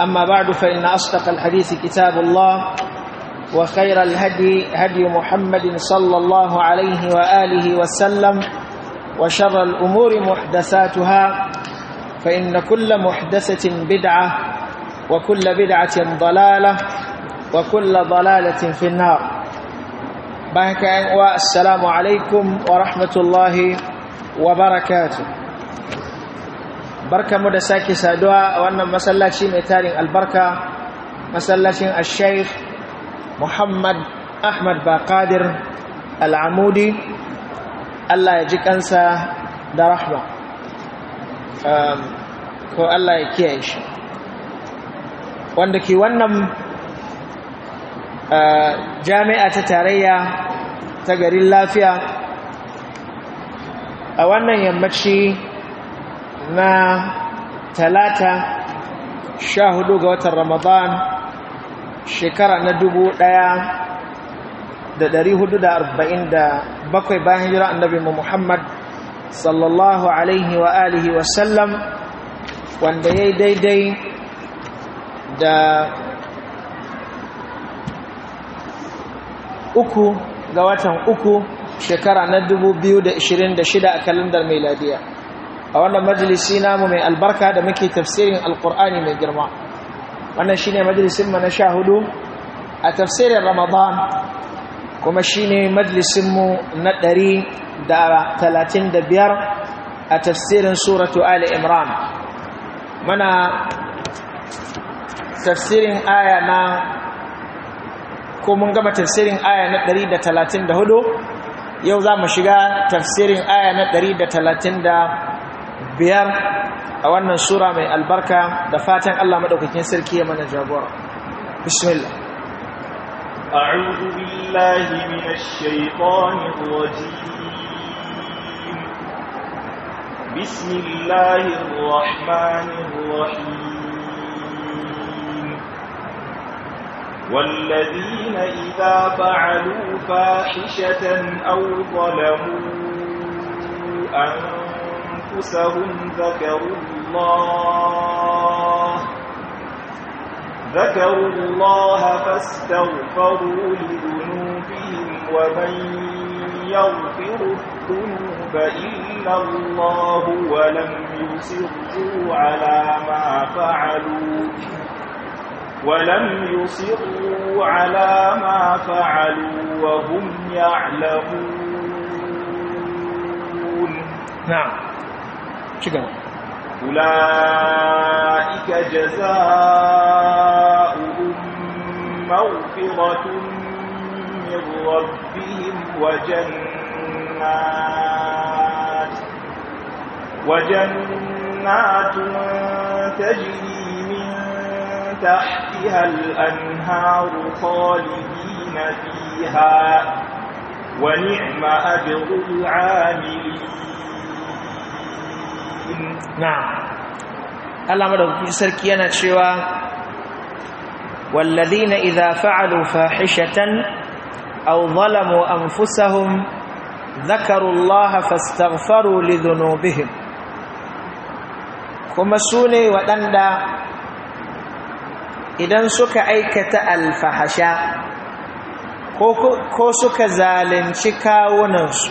أما بعد فإن أصدق الحديث كتاب الله وخير الهدي هدي محمد صلى الله عليه وآله وسلم وشر الأمور محدثاتها فإن كل محدثة بدعة وكل بدعة ضلالة وكل ضلالة في النار بهك والسلام عليكم ورحمة الله وبركاته Barka mu da sake saduwa a wannan masallaci mai tarin albarka masallacin al shaif muhammad ahmad baqadir al'amudi allah ya ji kansa da rahma um, ko allah ya kiyaye shi wanda ke wannan uh, jami'a ta tarayya ta garin lafiya a wannan yammaci na talata sha hudu ga watan ramadan shekara na dubu daya da dari hudu da arba'in da bakwai bayan jira annabi muhammad sallallahu alaihi wa alihi wasallam wanda ya yi daidai da uku ga watan uku shekara na dubu biyu da ishirin da shida a kalandar meladiya a wannan majalisi namu mai albarka da muke tafsirin alkur'ani mai girma wannan shi ne mu na sha hudu a tafsirin ramadan kuma shi ne mu na ɗari da talatin da biyar a tafsirin suratu ali imran mana tafsirin aya na ko mun gama tafsirin aya na ɗari da talatin da hudu yau za mu shiga tafsirin aya na ɗari da talatin da biyar a wannan sura mai albarka da fatan Allah maɗaukakin sarki ya mana jagora bismillah a'udhu billahi minash shaitanir rajim bismillahir rahmanir rahim والذين إذا فعلوا فاحشة أو ظلموا أنفسهم أنفسهم ذكروا الله ذكروا الله فاستغفروا لذنوبهم ومن يغفر الذنوب إلا الله ولم يصروا على ما فعلوا ولم يصروا على ما فعلوا وهم يعلمون نعم أولئك جزاؤهم مغفرة من ربهم وجنات وجنات تجري من تحتها الأنهار خالدين فيها ونعم أجر العاملين na'am Allah madaukakin sarki yana cewa والذين إذا fa'alu fahishatan أو ظلموا أنفسهم ذكروا الله فاستغفروا kuma su ne waɗanda idan suka aikata alfahasha ko suka zalunci kawunansu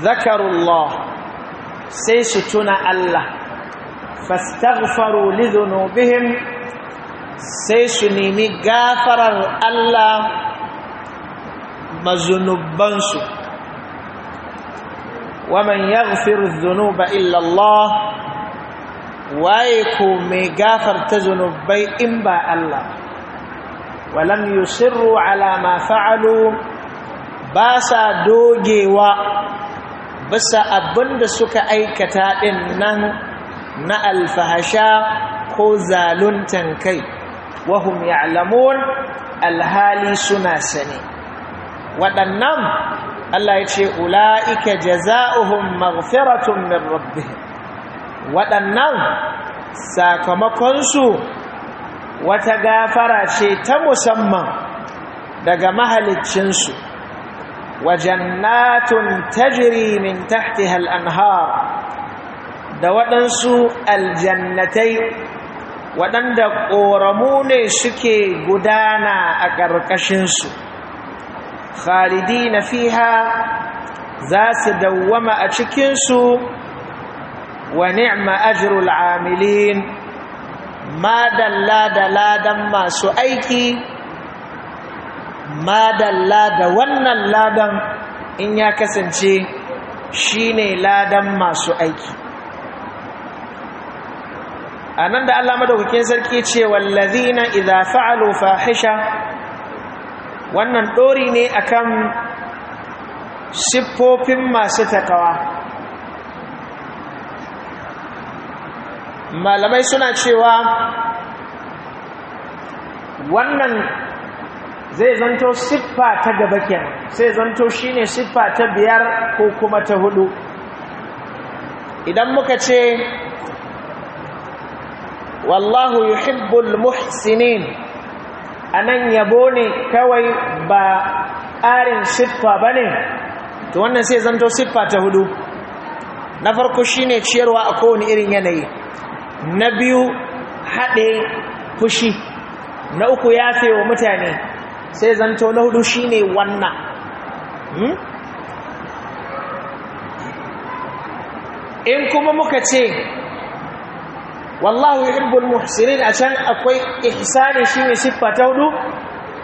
zakarullah sai su tuna Allah fastaghfaru lidhunubihim sai su nemi gafarar Allah mazunubansu waman yaghfiru dhunuba illa Allah waye ko mai gafarta zunubai in ba Allah walam yusirru ala ma fa'alu ba sa dogewa bisa abin da suka aikata ɗin nan na alfahasha ko zaluntan kai wahum ya'lamun alhali suna sani waɗannan Allah ya ce ula'ika jaza'uhum maghfiratun min rabbihim waɗannan sakamakonsu wata gafara ce ta musamman daga mahaliccinsu wajannatun tajiri min tahti al’anhar da waɗansu aljannatai waɗanda ƙoramu ne suke gudana a ƙarƙashinsu khalidi na fiha za su dawwama a cikinsu wa ni'ma ajirul amilin ma dalla da ladan masu aiki madalla da wannan ladan in ya kasance shine ladan masu aiki A nan da da hukin sarki ce na iza fa'alo fahisha wannan dori ne akan siffofin masu takawa malamai suna cewa wannan zai zanto siffa ta gaba kenan sai zanto shine siffa ta biyar ko kuma ta hudu idan muka ce wallahu yuhibbul muhsinin anan yabo ne kawai ba ƙarin siffa ba ne? to wannan sai zanto siffa ta hudu na farko shine ciyarwa a kowane irin yanayi na biyu haɗe fushi na uku ya wa mutane sai zanto na hudu shine wannan hmm? in kuma muka ce wallahu yuhibbul muhsirin a can akwai ihsani shine siffa ta hudu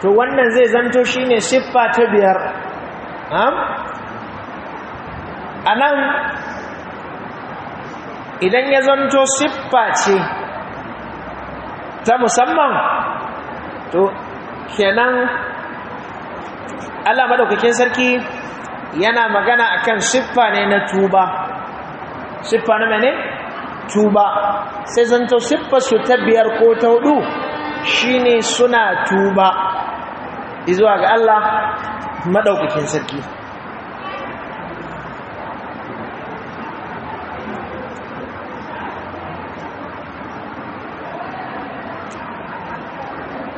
to wannan zai zanto shine siffa ta biyar A nan idan ya zanto siffa ce ta musamman to kenan Allah madaukakin sarki yana magana akan siffa ne na tuba siffa na ne tuba sai zanto siffa su ta biyar ko ta hudu shine suna tuba izuwa ga Allah madaukakin sarki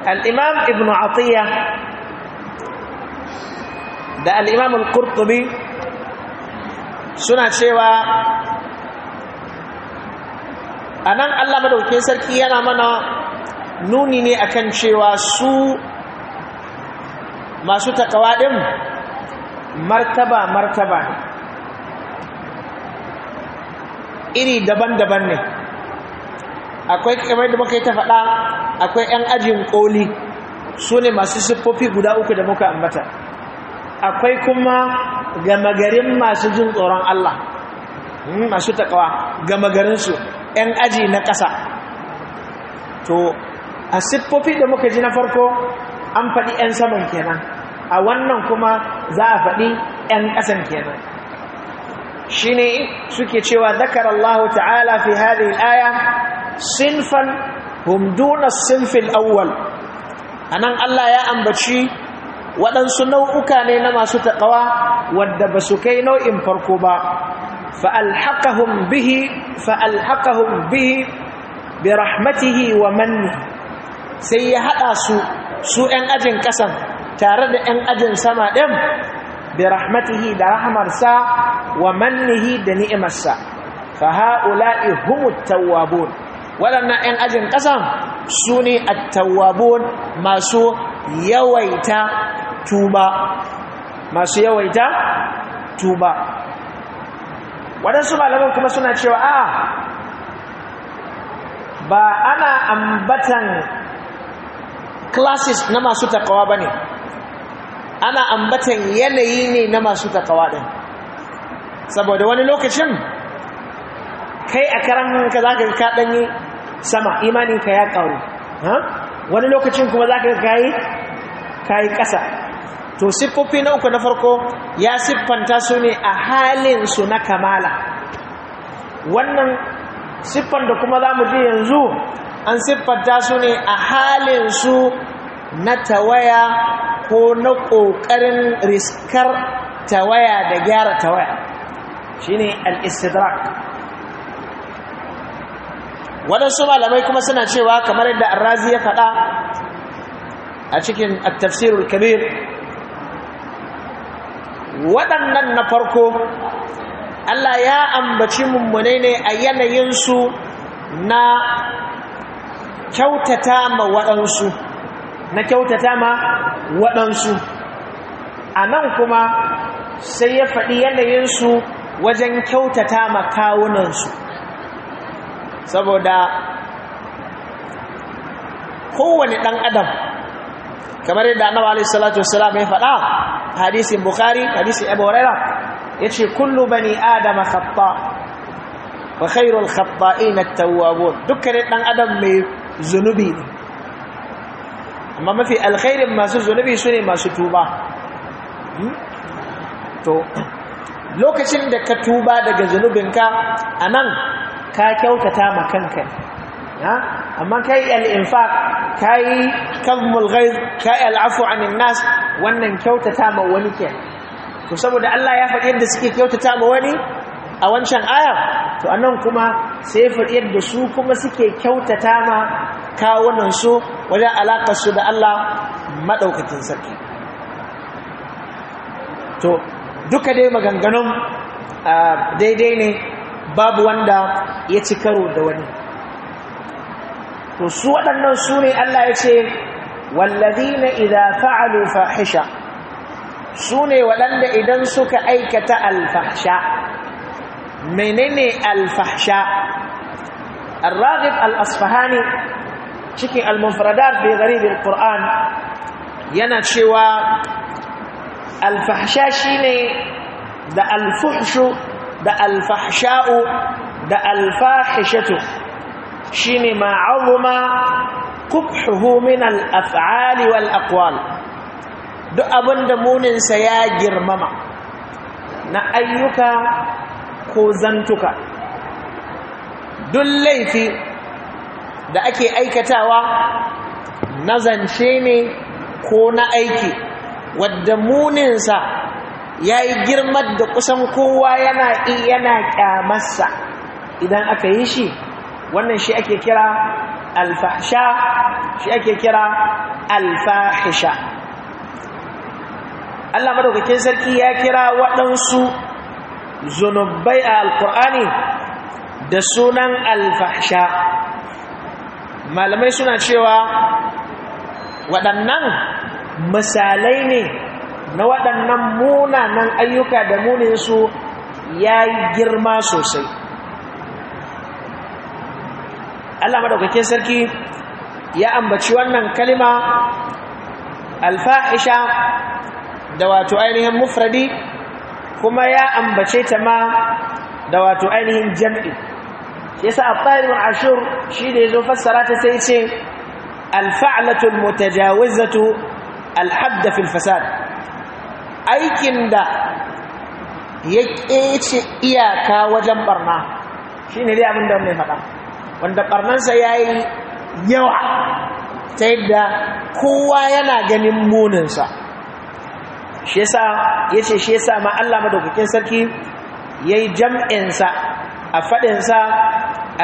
al'imam ibn atiyya da al'imam al qurtubi suna cewa a nan allah madaukin sarki yana mana nuni ne akan cewa su masu takawa ɗin martaba-martaba iri daban-daban ne akwai kamar da muka yi ta faɗa akwai ‘yan ajin ƙoli su ne masu siffofi guda uku da muka ambata akwai kuma gama garin masu jin tsoron Allah hmm, masu taƙawa gama garinsu ‘yan aji na ƙasa to a siffofi da muka ji na farko an faɗi ‘yan saman kenan a wannan kuma za a faɗi ‘yan ƙasan kenan shi suke cewa zakar Allah ta'ala fi hadhihi al-aya sinfan hum duna sinfil awwal anan Allah ya ambaci waɗansu nau'uka ne na masu ƙawa, wadda ba su kai nau'in farko ba fa'alhaƙahun bihi fa'alhaƙahun bihi bi rahmatihi wa manni sai ya haɗa su su ‘yan ajin ƙasan tare da ‘yan ajin sama ɗin bi rahmatihi da rahmarsa wa mannihi da ni'imarsa fa ha'ula'i humut tawwabun waɗannan 'yan ajin ƙasan su ne attawabun masu yawaita tuba masu yawaita tuba waɗansu malaman kuma suna cewa a ba ana ambatan classes na masu takawa ba ne ana ambatan yanayi ne na masu takawa ɗin saboda wani lokacin kai a karan ka za ka ɗanyi sama imaninka ya ƙaru wani lokacin kuma za ka kayi ƙasa to siffofi na uku na farko ya siffanta su ne a halinsu na kamala wannan siffan da kuma za mu ji yanzu an siffanta su ne a halin su na tawaya ko na ƙoƙarin riskar tawaya da gyara tawaya shi ne al'istidrak waɗansu malamai kuma suna cewa kamar yadda arrazi ya faɗa a cikin tafsirul kabir waɗannan na farko Allah ya ambaci mummune ne a yanayinsu na kyautata ma waɗansu na kyautata ma waɗansu a nan kuma sai ya faɗi yanayinsu wajen kyautata ma kawunansu saboda kowane ɗan adam kamar yadda annabi alaihi salatu wassalam ya faɗa hadisin bukhari hadisin abu hurairah yace kullu bani adama khata wa khairul khata'in at-tawwabun dukkanin ɗan adam mai zunubi ne amma mafi alkhairin masu zunubi sune masu tuba hmm? to lokacin da ka tuba daga zunubinka anan ka kyautata ma kanka amma kai al-infaq kai kazmul ghaiz kai al-afu anin nas wannan kyautata ma wani ke to saboda Allah ya faɗi yadda suke kyautata ma wani a wancan aya to anan kuma sai faɗi yadda su kuma suke kyautata ma kawunan su wajen alakar su da Allah madaukakin sarki to duka dai maganganun ah, daidai ne babu wanda ya ci karo da wani to su waɗannan su ne Allah ya ce wallazina idza fa'alu fahisha su ne waɗanda idan suka aikata alfahsha menene alfahsha الراغب الأصفهاني cikin al-munfaradat bi gharibin Qur'an yana cewa al shine da al da alfahsha'u da alfahishatu shine ma'azuma kubhuhu min al-af'ali wal aqwal duk abinda muninsa ya girmama na ayyuka ko zantuka duk laifi da ake aikatawa na zance ne ko na aiki wadda muninsa ya yi girmar da kusan kowa yana yana kyamarsa idan aka yi shi wannan shi ake kira alfahisha shi ake kira alfahisha Allah madaukakin sarki ya kira waɗansu zunubai a alkur'ani da sunan alfahisha malamai suna cewa waɗannan misalai ne na waɗannan munanan ayyuka da muninsu ya yi girma sosai Allah madaukakin sarki ya ambaci wannan kalima alfa'isha da wato ainihin mufradi kuma ya ambace ta ma da wato ainihin jam'i yasa a tayyib ashur shi da yazo fassara ta sai ce al mutajawizatu al-hadd fi fasad aikin da ya ƙece iyaka wajen barna shi ne dai abinda mai faɗa wanda barnansa ya yi yawa ta yadda kowa yana ganin muninsa shi ya ce shi sa ma Allah madaukakin sarki ya yi jam'insa a faɗinsa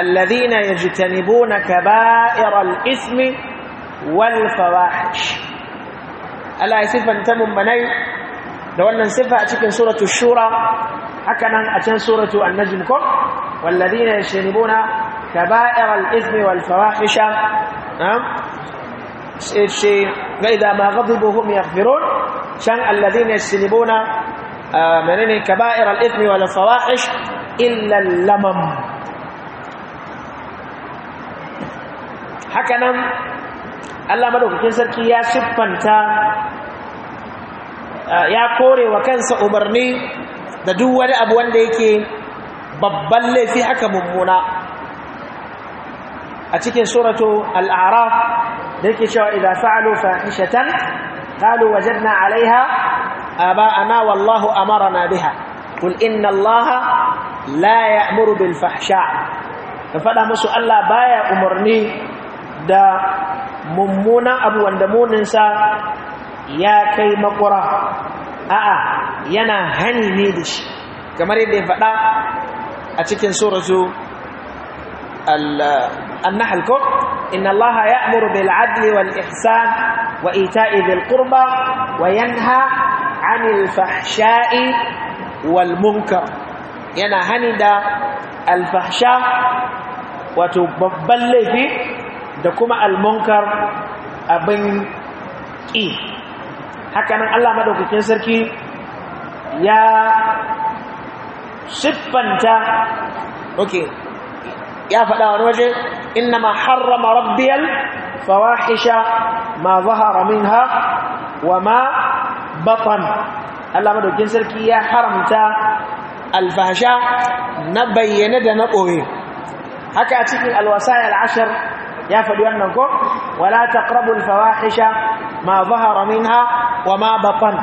alladhina yajtanibuna kaba'iral ismi wal fawahish Allah ya siffanta mummanai da wannan sifa a cikin suratul shura haka nan a can suratu annajm ko walladhina yashribuna kaba'ir al-ithmi wal fawahisha shi ga ma hum yaghfirun shan غضبوا هم يغفرون شان الذين يجتنبون من كبائر الإثم والفواحش lamam haka nan Allah madaukakin sarki ya siffanta Eh, ya kore wa kansa umarni da duk wani abu wanda yake babban laifi haka mummuna a cikin suratu al'araf da yake cewa idza fa'alu fahishatan qalu wajadna 'alayha aba'ana wallahu amarna biha qul inna allaha la ya'muru bil fahsha ka fada musu Allah baya umarni da mummuna abu wanda muninsa ya kai makura a'a yana hani ne da shi kamar yadda ya faɗa a cikin suratu bil adli wal ihsan wa ita'i bil qurba wa yanha 'anil fahsha'i wal munkar yana hani da al fahsha wato babban laifi da kuma al munkar abin ƙi hakanan Allah madaukakin sarki ya siffanta okay ya faɗa wani waje innama harrama rabbiyal fawahisha ma zahara minha wa ma batan Allah madaukakin sarki ya haramta alfasha na bayyane da na ɓoye haka a cikin ya al'ashar ya faɗi wannan ko wala taqrabul fawahisha ma zahara minha wa ma batan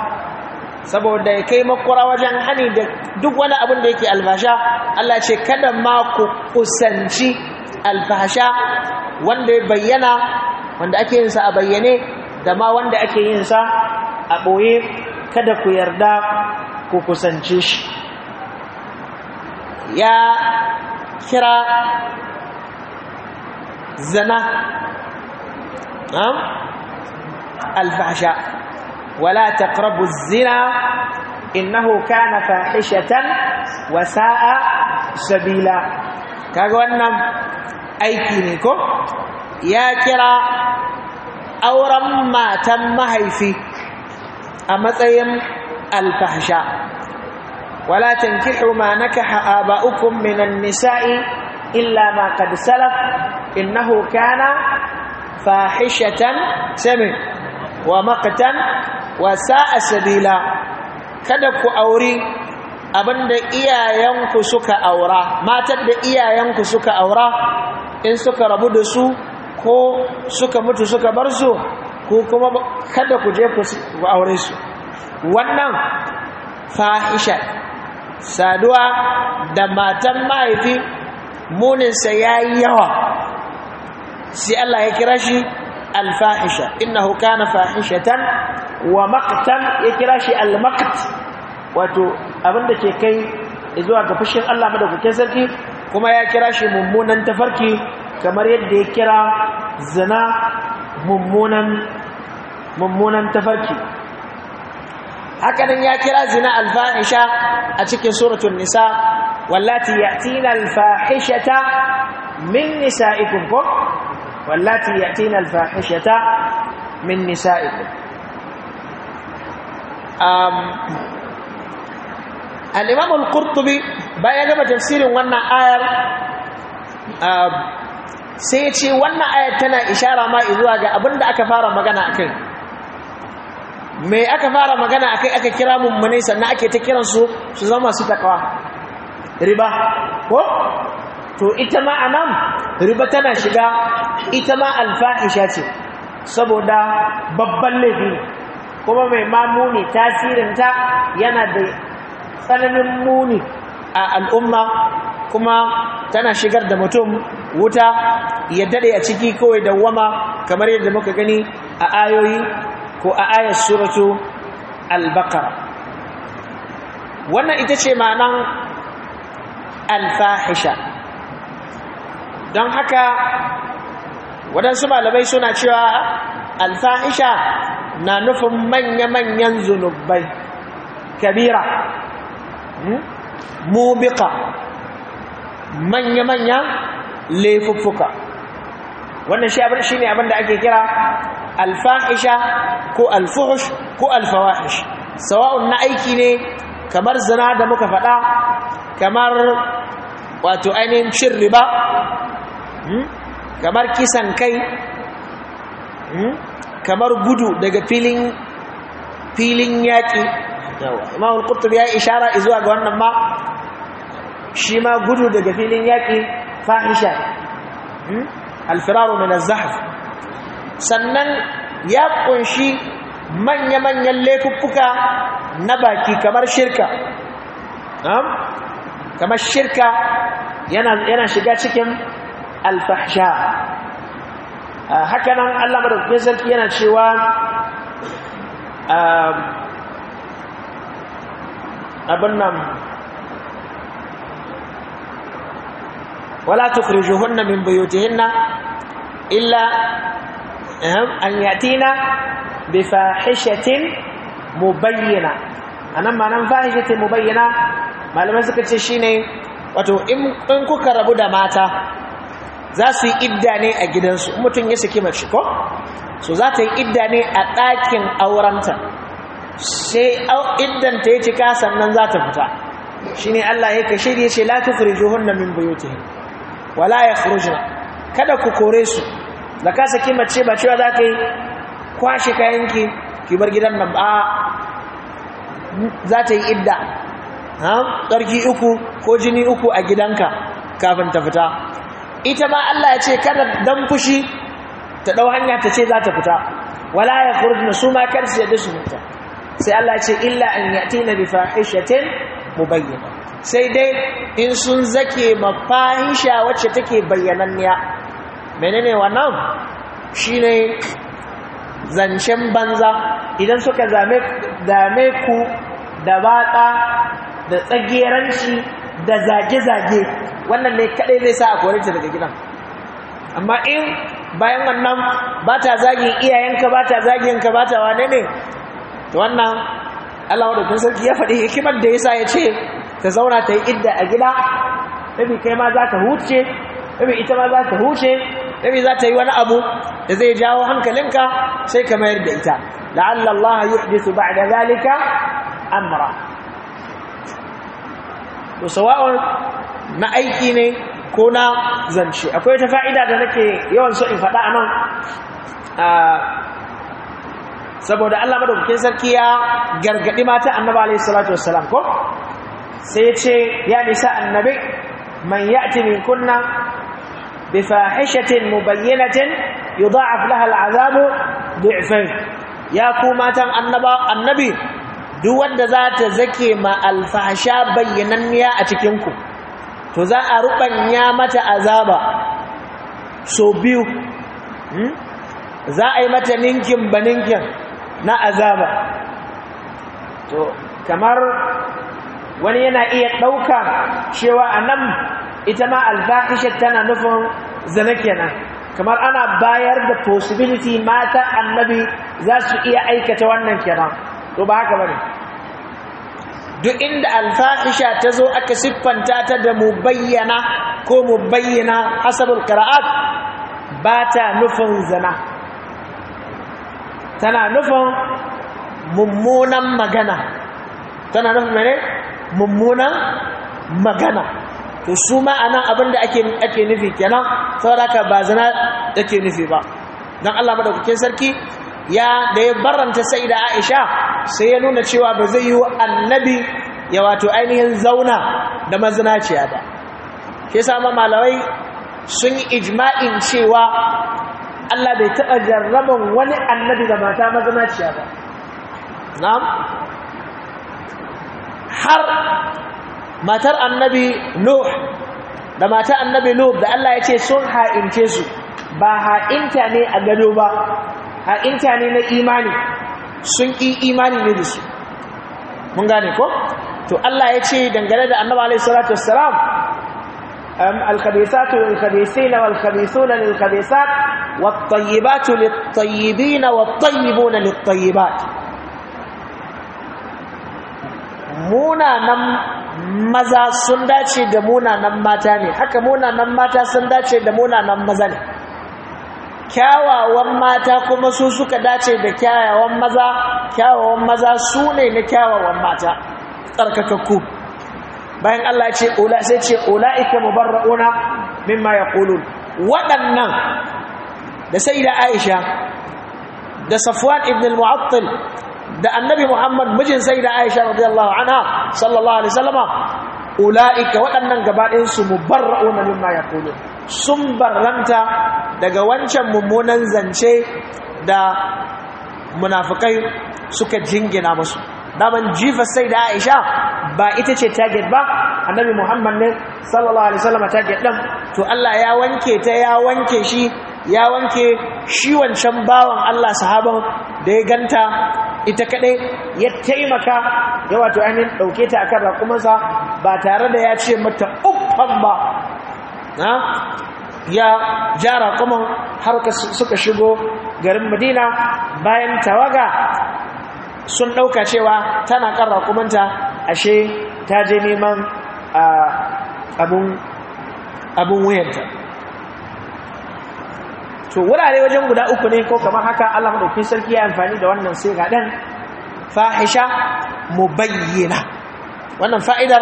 saboda ya kai makura wajen hani da duk wani abin da yake albasha. Allah ce kada ma ku kusanci albasha wanda ya bayyana wanda ake yin sa a bayyane da ma wanda ake yin sa a boye kada ku yarda ku kusance shi ya kira zana الفحشاء ولا تقربوا الزنا انه كان فاحشه وساء سبيلا كغن ايكينيكو يا كرا او ما تم هيفي امصيم الفحشاء ولا تنكحوا ما نكح اباؤكم من النساء الا ما قد سلف انه كان فاحشه سمي wa makatan wa sa'a sabila kada ku auri abinda iyayenku suka aura matar da iyayenku suka aura in suka rabu da su ko suka mutu suka bar su ko kuma kada ku je ku aure su wannan fahisha saduwa da matan mahaifi muninsa ya yi yawa sai Allah ya kira shi الفاحشه انه كان فاحشه ومقتا يكراشي المقت واتو ابنده كي كاي زوا ga fushin Allah madaukakin sarki kuma ya kirashi mummunan tafarki kamar yadda ya kira zina mummunan mummunan tafarki hakanin ya kira zina alfahisha a cikin suratul nisa wallati ya'tina alfahishata min nisaikum واللاتي يأتين الفاحشة من نسائكم الإمام القرطبي bayan gama tafsirin wannan ayar sai ya ce wannan ayar tana ishara ma zuwa ga abin da aka fara magana a kai mai aka fara magana a kai aka kira mummunai sannan ake ta kiransu su zama su takawa riba ko to ita ma anan riba tana shiga ita ma alfahisha ce saboda babban laifi kuma mai mamuni tasirin ta yana da tsananin muni a al'umma kuma tana shigar da mutum wuta ya dade a ciki kawai dawwama kamar yadda muka gani a ayoyi ko a ayar suratu al-baqara wannan ita ce ma'anan alfahisha. don haka waɗansu malamai suna cewa alfaisha na nufin manya-manyan zunubai kabira hmm? mubika manya manyan laifuffuka wannan shi ne abinda ake kira alfaisha ko alfuhush ko alfawahish sawa'un na aiki ne kamar zina da muka faɗa kamar wato ainihin cin riba Hmm? kamar kisan kai hmm? kamar gudu daga filin filin yaƙi imam al-qurtubi ya ishara zuwa ga wannan ma shi ma gudu daga filin yaƙi fahisha hmm? alfiraru min az-zahf sannan ya kunshi manya-manyan laifuffuka na baki kamar shirka kamar shirka yana shiga cikin الفحشاء آه، هكذا الله مرد بيزل كينا شوى أبنى نعم. ولا تخرجهن من بيوتهن إلا أن يأتينا بفاحشة مبينة أنا ما أنا نعم فاحشة مبينة ما لم يزكت شيني وتو إن كوكا ربودا ماتا za su yi idda ne a gidansu mutum ya saki mace ko so za ta yi idda ne a ɗakin aurenta sai iddan ta yi cika sannan za ta fita shi ne Allah ya kashe da ya ce la na min buyutihin wala ya yakhrujna kada ku kore su da ka saki mace ba cewa za ka yi kwashe kayanki ki bar gidan nan ba za ta yi idda ha tsarki uku ko jini uku a gidanka kafin ta fita ita ma Allah ya ce kada dan fushi ta dau hanya ta ce za ta fita wala ya khurujna suma kar su yadda su sai Allah ya ce illa an yatina bi fahishatin mubayyana sai dai in sun zake mafahisha wacce take bayyananniya menene wannan shine zancen banza idan suka zame ku da batsa da tsagiranci da zage-zage wannan ne kaɗai zai sa a kore ta daga gidan amma in bayan wannan ba ta zagin iyayenka ba ta yanka ba ta wane ne Ta wannan Allah wadda kun sarki ya faɗi hikimar da ya sa ya ce ta zauna ta yi idda a gida ɗabi kai ma za ka huce ɗabi ita ma za ka huce ɗabi za ta yi wani abu da zai jawo hankalinka sai ka mayar da ita la'allallaha su ba ba'da zalika amra to sawa'un na aiki ne ko na zance akwai wata fa'ida da nake yawan so in faɗa a nan saboda Allah madaukakin sarki ya gargadi mata annabi alayhi salatu wassalam ko sai ya ce ya nisa annabi man ya'ti min kunna bi fahishatin mubayyinatin yudha'af laha al'azabu du'fayn ya ku matan annaba annabi duk wanda za ta zake ma alfahsha bayyananniya a cikinku to za a ruɓanya mata azaba so biyu hmm? za a yi mata ninkin ba ninkin na azaba to kamar wani yana iya ɗauka cewa a nan ita ma alfahishar tana nufin zane kenan kamar ana bayar da possibility mata annabi za su iya aikata wannan kenan to ba haka bane duk inda al ta zo aka siffanta ta da mubayyana ko mubayyana hasabul qira'at ba ta nufin zina tana nufin mummunan magana tana nufin mene mummunan magana to su ma anan abinda ake ake nufi kenan saboda ka ba zina take nufi ba dan Allah madaukakin sarki ya da ya baranta sai da aisha sai ya nuna cewa ba zai yi wa annabi ya wato ainihin zauna da mazinaciya ba shi sama malawai sun yi ijma'in cewa Allah bai taɓa jarraban wani annabi da mata mazinaciya ba na'am har matar annabi nuh da matar annabi nuh da Allah ya ce sun ha'ince su ba ha'inta ne a gado ba A intane na imani sun ƙi imani ne da su mun gane ko to Allah ya ce dangane da annabi alaihi salatu wassalam الخبيثات للخبيثين والخبيثون للخبيثات والطيبات للطيبين والطيبون للطيبات munanan maza sun dace da munanan mata ne haka munanan mata sun dace da munanan maza ne kyawawan mata kuma su suka dace da kyawawan maza kyawawan maza su ne na kyawawan mata tsarkakakku bayan Allah ya ce ula sai ce ulaika mubarrauna mimma yaqulun waɗannan da sayyida Aisha da Safwan ibn al-Mu'attal da Annabi Muhammad mijin sayyida Aisha radiyallahu anha sallallahu alaihi wasallama ulaika waɗannan gabaɗayan su mubarrauna mimma yaqulun sun barranta daga wancan mummunan zance da munafukai suka jingina musu daman jifa sai da aisha ba ita ce target ba annabi muhammad ne sallallahu alaihi wasallam target din to Allah ya wanke ta ya wanke shi ya wanke shi wancan bawan Allah sahaban da ya ganta ita kadai ya taimaka ya wato ainihin dauke ta akan rakumansa ba tare da ya ce mata uffan ba ya ja raƙumin har suka shigo garin madina bayan tawaga sun ɗauka cewa tana kan kumanta ashe ta je neman abun wuyanta to wurare wajen guda uku ne ko kamar haka allah maɗauki sarki ya amfani da wannan sai ga fahisha fahisha mubayyana wannan fa'idar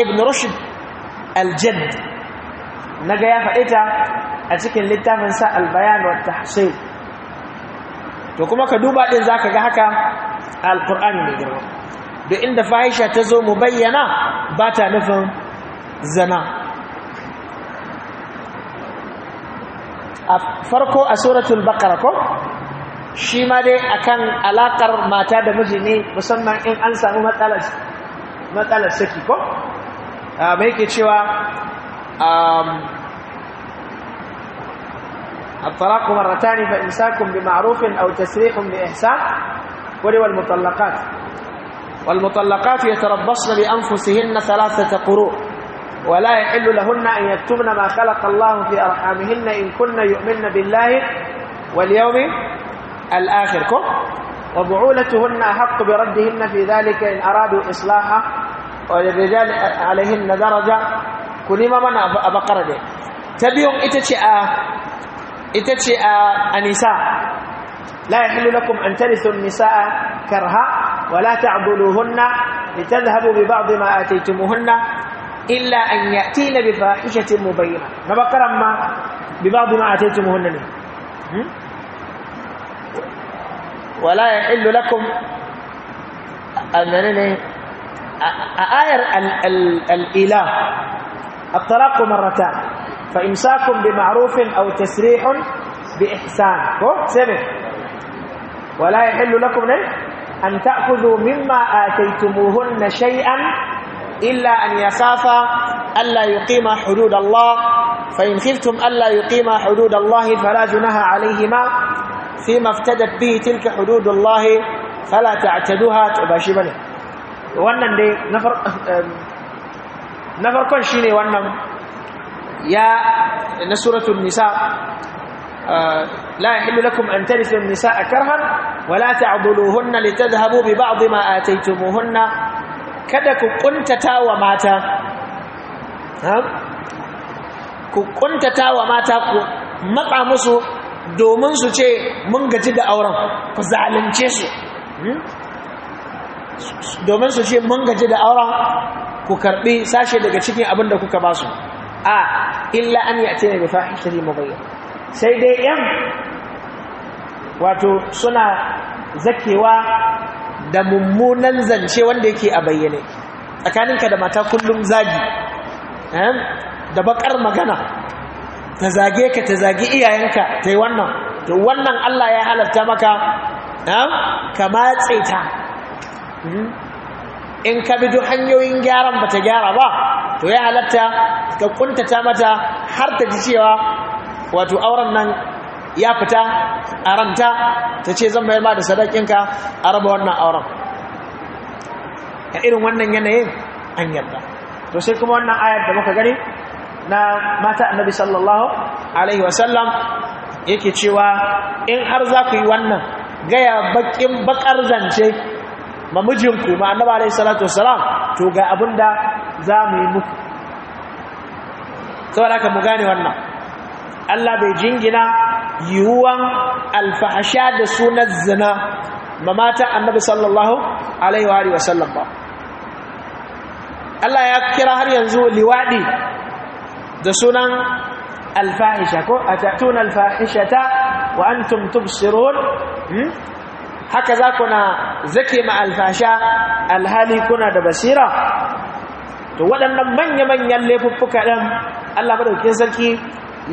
ibn rushd aljad na ga ya faɗi ta a cikin littafinsa albayan wa tahsir to kuma ka duba ɗin za ka ga haka Alkur'ani mai girma da inda fahisha ta zo mu bayyana ba ta nufin zana a farko a suratul Bakara ko shi ma dai akan alakar mata da miji ne musamman in an samu matsalar saki ko mai ke cewa الطلاق مرتان فإمساك بمعروف أو تسريح بإحسان ولو المطلقات والمطلقات يتربصن بأنفسهن ثلاثة قروء ولا يحل لهن أن يكتمن ما خلق الله في أرحامهن إن كن يؤمن بالله واليوم الآخر وبعولتهن أحق بردهن في ذلك إن أرادوا إصلاحا وللرجال عليهن درجة ما من أبقر دي تبيون إتشي إتشي النساء لا يحل لكم أن ترثوا النساء كرها ولا تعبدوهن لتذهبوا ببعض ما آتيتموهن إلا أن يأتين بفاحشة مبينة نبقر ما ببعض ما آتيتموهن ولا يحل لكم أن آية الإله الطلاق مرتان فإمساك بمعروف أو تسريح بإحسان سبب ولا يحل لكم أن تأخذوا مما آتيتموهن شيئا إلا أن يخافا ألا يقيم حدود الله فإن خفتم ألا يقيم حدود الله فلا جناها عليهما فيما افتدت به تلك حدود الله فلا تعتدوها تباشبنه wannan dai na farkon ne wannan ya na suratun nisa لا يحل لكم أن ترثوا النساء كرها ولا تعضلوهن لتذهبوا ببعض ما آتيتموهن kada ku kuntata wa mata ku kuntata wa mata ku matsa musu domin su ce mun gaji da auren ku zalunce su hmm? domin su ce mun gaji da auren ku karɓi sashe daga cikin abin da kuka basu a illa an yi a ce ne da fahimtari mabayar sai dai yan wato suna zakewa da mummunan zance wanda yake a bayyane tsakaninka da mata kullum zagi eh, da bakar magana ta zage ka ta zage iyayenka ta yi wannan to wannan Allah ya halatta maka eh, kama matse ta Hmm. in ka bi duk hanyoyin gyaran ba ta gyara ba to ya halatta ka kuntata mata har ta ji cewa wato auren nan ya fita a ranta ta ce zan bayar ma da sadakinka a raba wannan auren a irin wannan yanayin an yarda to sai kuma wannan ayar da muka gani na mata annabi sallallahu alaihi wasallam yake cewa in har za ku yi wannan gaya baƙin baƙar zance mamijinku ma annaba alayhi salatu wassalam to ga abinda za mu yi muku saboda haka mu gane wannan Allah bai jingina yiwuwan alfahasha da sunan zina ma mata annabi sallallahu alaihi wa alihi wasallam ba Allah ya kira har yanzu liwadi da sunan alfahisha ko atatuna alfahishata wa antum tubsirun hmm? haka za na zake ma alfasha alhali kuna da basira to waɗannan manya-manyan laifuffuka ɗin Allah madaukin sarki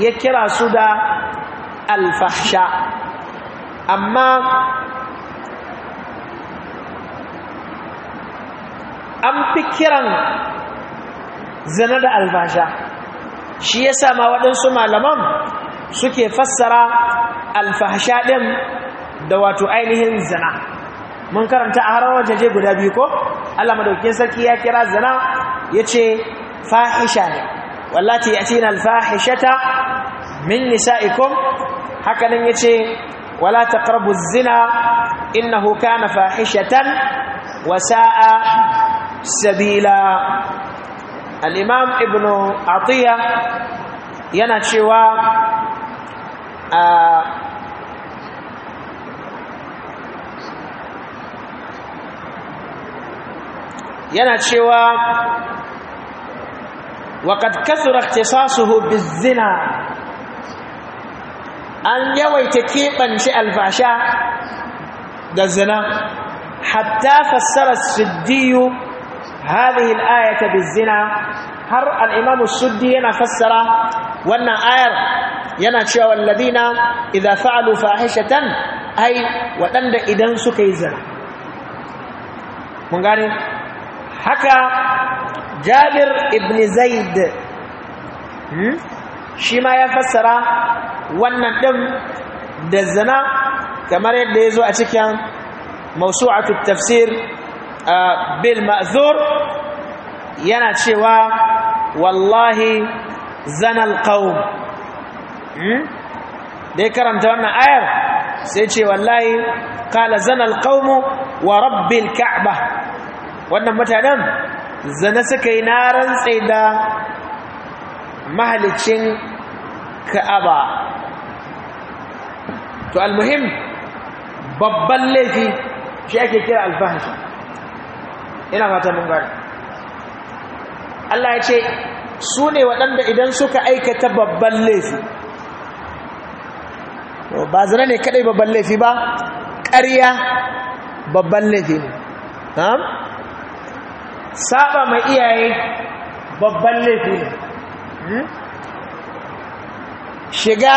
ya kira su da alfasha amma an fi kiran zina da alfasha shi ya sama waɗansu malaman suke fassara alfasha ɗin da wato ainihin zina mun karanta a harawar jaje guda biyu ko Allah madaukakin sarki ya kira zina yace fahisha ne wallati yatina alfahishata min nisaikum haka nan yace wala taqrabu zina innahu kana fahishatan wa sa'a sabila al-imam ibnu atiya yana cewa ah, yana cewa waƙad kasura tisasuhu bizina an yawaita keɓance albasha da zina hatta fassara siddiyu هذه الآية بالزنا هر الإمام السدي ينفسر وأن آير ينشأ والذين إذا فعلوا فاحشة ai waɗanda idan سكي زنا من قال haka jabir ibn zaid hmm, shi ma ya fassara wannan ɗin da zina kamar yadda ya zo a cikin mausu'atu tafsir bil ma'zur yana cewa wallahi zanal qaum hmm? da ya karanta wannan ayar sai ce wallahi kala zanal qaumu wa rabbil ka'ba wannan mutanen zana suka yi na rantse da mahalicin ka'aba to almuhim babban laifi shi ake kira alfahashi ina fata mun gani Allah ya ce su ne waɗanda idan suka aikata babban laifi ba zina ne kaɗai babban laifi ba ƙarya babban laifi ne saba mai iyaye babban laifi ne hmm? shiga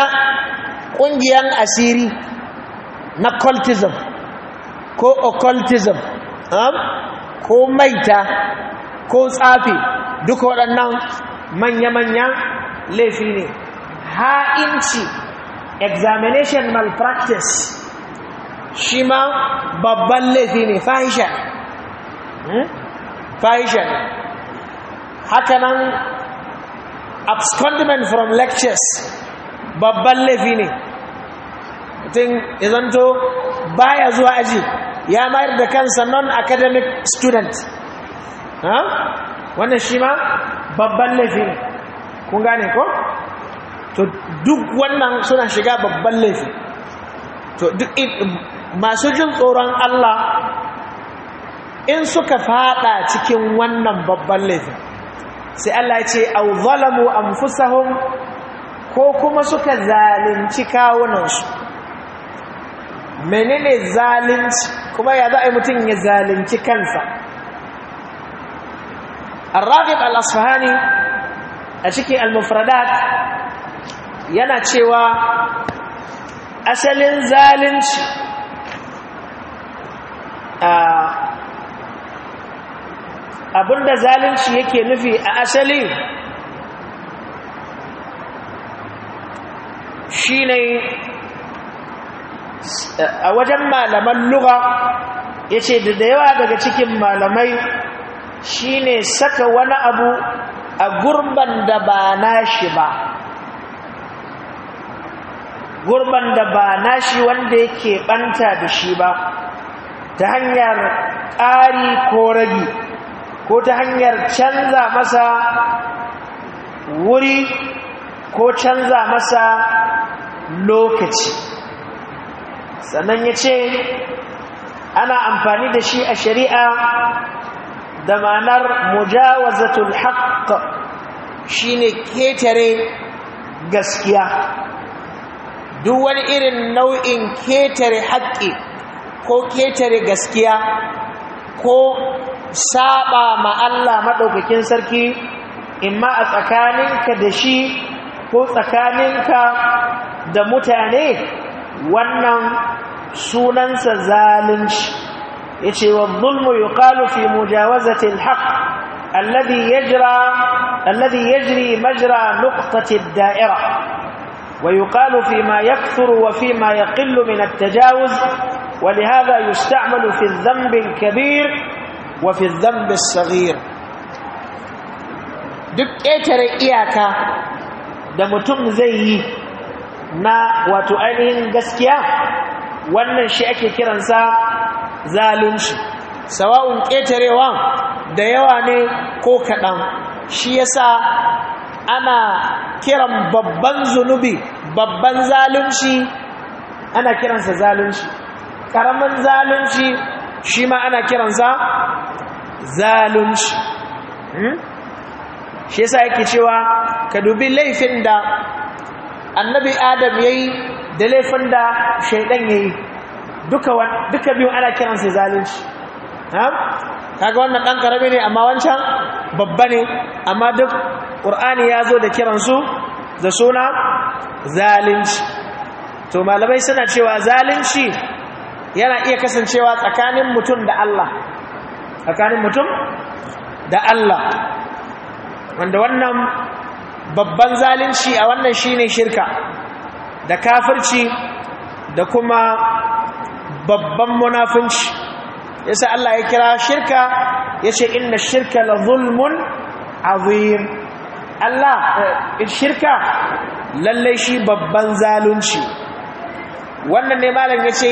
ƙungiyar asiri na cultism ko occultism um, ko maita ko tsafi duka waɗannan manya manya laifi ne inci examination mal practice shima babban laifi ne fahisha hmm? fahisha ne haka nan abscondment from lectures babban laifi ne mutum ya zanto baya zuwa aji ya mayar da kansa non-academic student wannan shi ma babban laifi ne kun gane ko? to duk wannan suna shiga babban laifi to duk masu jin tsoron Allah in suka fada cikin wannan babban laifin sai Allah ya ce au zalamu anfusahum ko kuma suka zalunci kawunansu menene zalunci kuma ya za a yi mutum ya zalunci kansa al-raghib al-asfahani a cikin al-mufradat yana cewa asalin zalunci a abinda zalunci yake nufi a asali shi a wajen malaman lura ya ce da yawa daga cikin malamai shine saka wani abu a gurban da ba nashi ba gurban da ba nashi wanda yake banta da shi ba ta hanyar ƙari ko ragi ko ta hanyar canza masa wuri ko canza masa lokaci sannan ya ce ana amfani da shi a shari'a da ma'anar mujawazatul haqq shine ketare gaskiya duk wani irin nau'in ketare haƙƙi ko ketare gaskiya ko saba ma Allah madaukakin sarki imma a tsakaninka da shi ko tsakaninka da mutane wannan sunansa zalunci yace wa zulmu yuqalu fi mujawazati alhaq alladhi yajra alladhi yajri majra nuqtati ad da'ira wa yuqalu fi ma yakthuru wa fi ma yaqillu min at-tajawuz ولهذا يستعمل في الذنب الكبير wa fi dhanbi saghir duk ƙetare iyaka da mutum zai yi na wato ainihin gaskiya wannan shi ake kiransa zalunci sawa'un ƙetarewa da yawa ne ko kaɗan shi yasa ana kiran babban zunubi babban zalunci ana kiransa zalunci ƙaramin zalunci shi ma ana kiransa zalunci hmm? shi yasa yake cewa ka dubi laifin da annabi adam yayi da laifin da shaidan yayi duka duka biyu ana kiransa zalunci kaga wannan dan karami ne amma wancan babba ne amma duk qur'ani zo da kiransu da suna zalunci to malamai suna cewa zalunci yana iya kasancewa tsakanin mutum da Allah tsakanin mutum da Allah wanda wannan babban zalunci a wannan shine shirka da kafirci da kuma babban munafunci yasa Allah ya kira shirka yace inna shirka la zulmun azim Allah eh, shirka lalle shi babban zalunci wannan ne malam yace